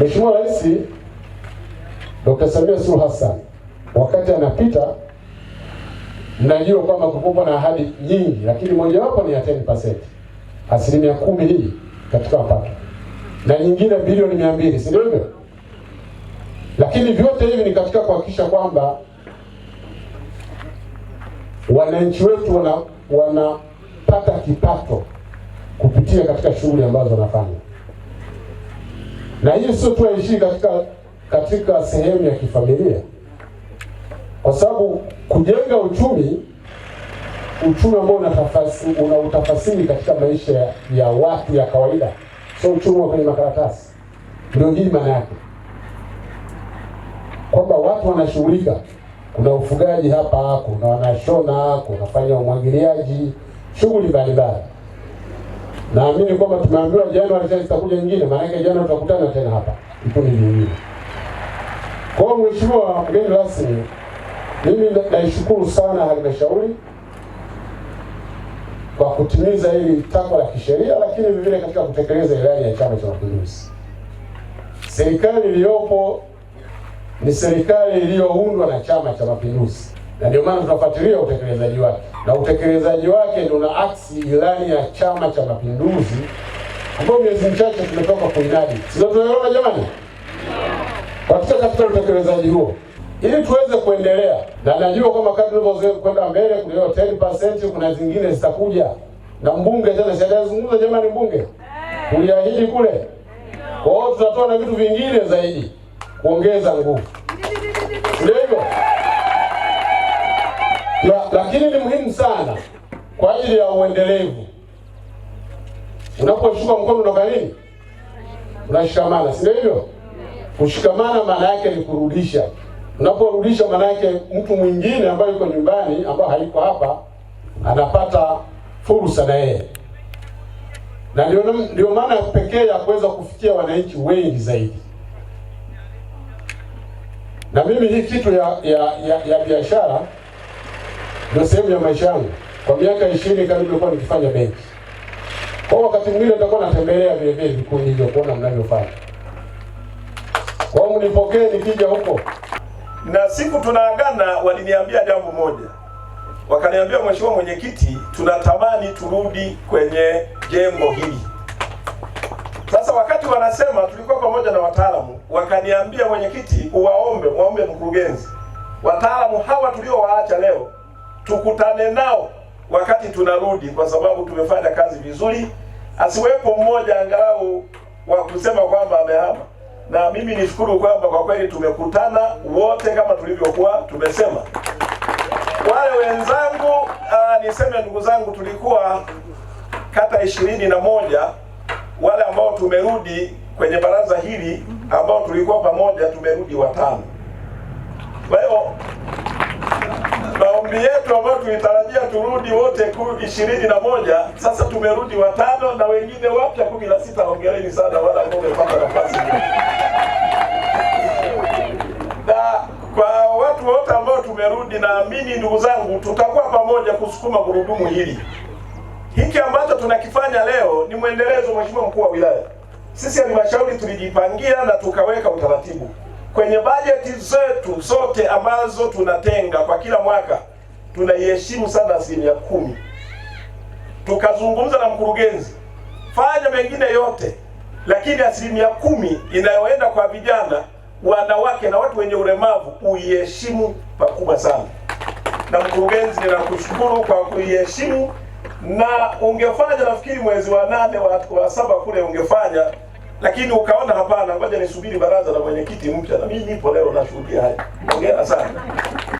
Mheshimiwa Rais Dr. Samia Suluhu Hassan wakati anapita, mnajua kwamba kukupa na ahadi nyingi, lakini mojawapo ni ya 10% asilimia kumi hii katika mapato na nyingine bilioni mia mbili, si ndio hivyo? Lakini vyote hivi ni katika kuhakikisha kwamba wananchi wetu wana wanapata kipato kupitia katika shughuli ambazo wanafanya na hiyo sio tu haishii katika katika sehemu ya kifamilia, kwa sababu kujenga uchumi, uchumi ambao unautafasiri katika maisha ya watu ya kawaida, sio uchumi wa kwenye makaratasi. Ndio hii maana yake kwamba watu wanashughulika, kuna ufugaji hapa, kuna wanashona, kunafanya umwagiliaji, shughuli mbalimbali. Naamini kwamba tumeambiwa Januari sasa itakuja nyingine, maanake Januari tutakutana tena hapa kikundi nyingine. Kwa hiyo Mheshimiwa mgeni rasmi, mimi naishukuru sana halmashauri kwa kutimiza hili takwa la kisheria, lakini vivile katika kutekeleza ilani ya Chama cha Mapinduzi. Serikali iliyopo ni serikali iliyoundwa na Chama cha Mapinduzi na ndio maana tunafuatilia utekelezaji wake, na utekelezaji wake ndio una aksi ilani ya Chama cha Mapinduzi ambayo miezi michache tumetoka kuinadi. tunaona jamani, katika katika utekelezaji huo ili tuweze kuendelea, na najua kwamba kadri tunavyozoea kwenda mbele, kuna hiyo 10% kuna zingine zitakuja. Na mbunge tena siajazungumza jamani, mbunge uliahidi kule, kwa hiyo tutatoa na vitu vingine zaidi kuongeza nguvu la, lakini ni muhimu sana kwa ajili ya uendelevu. Unaposhuka mkono unaka nini? Unashikamana, si hivyo? Kushikamana maana yake ni kurudisha. Unaporudisha maana yake mtu mwingine ambaye yuko nyumbani, ambaye hayuko hapa, anapata fursa na yeye, na ndio maana ya pekee ya kuweza kufikia wananchi wengi zaidi. Na mimi hii kitu ya ya ya, ya biashara na sehemu ya maisha yangu. Kwa miaka ishirini karibu nilikuwa nikifanya benki. Kwa wakati mwingine nitakuwa natembelea vile vile vikundi hivyo kuona mnavyofanya. Kwa hiyo mnipokee nikija huko. Na siku tunaagana, waliniambia jambo moja, wakaniambia, mheshimiwa mwenyekiti, tunatamani turudi kwenye jengo hili. Sasa wakati wanasema, tulikuwa pamoja na wataalamu, wakaniambia mwenyekiti, uwaombe, muombe mkurugenzi, wataalamu hawa tuliowaacha leo tukutane nao wakati tunarudi, kwa sababu tumefanya kazi vizuri. Asiwepo mmoja angalau wa kusema kwamba amehama, na mimi nishukuru kwamba kwa kweli tumekutana wote kama tulivyokuwa tumesema. Wale wenzangu aa, ah, niseme ndugu zangu, tulikuwa kata ishirini na moja wale ambao tumerudi kwenye baraza hili ambao tulikuwa pamoja, tumerudi watano. Kwa hiyo maombi yetu ambayo tulitarajia turudi wote ishirini na moja, sasa tumerudi watano na wengine wapya kumi na sita. Hongereni sana wala ambao wamepata nafasi na kwa watu wote ambao tumerudi, naamini ndugu zangu, tutakuwa pamoja kusukuma gurudumu hili. Hiki ambacho tunakifanya leo ni mwendelezo, Mheshimiwa Mkuu wa Wilaya. Sisi halmashauri tulijipangia na tukaweka utaratibu kwenye bajeti zetu zote ambazo tunatenga kwa kila mwaka tunaiheshimu sana asilimia kumi. Tukazungumza na mkurugenzi, fanya mengine yote, lakini asilimia kumi inayoenda kwa vijana, wanawake na watu wenye ulemavu uiheshimu pakubwa sana. Na mkurugenzi, ninakushukuru kwa kuiheshimu, na ungefanya nafikiri mwezi wa nane wa, wa saba kule ungefanya lakini ukaona hapana, ngoja nisubiri baraza la mwenyekiti mpya, na mimi nipo leo nashuhudia haya. Hongera sana.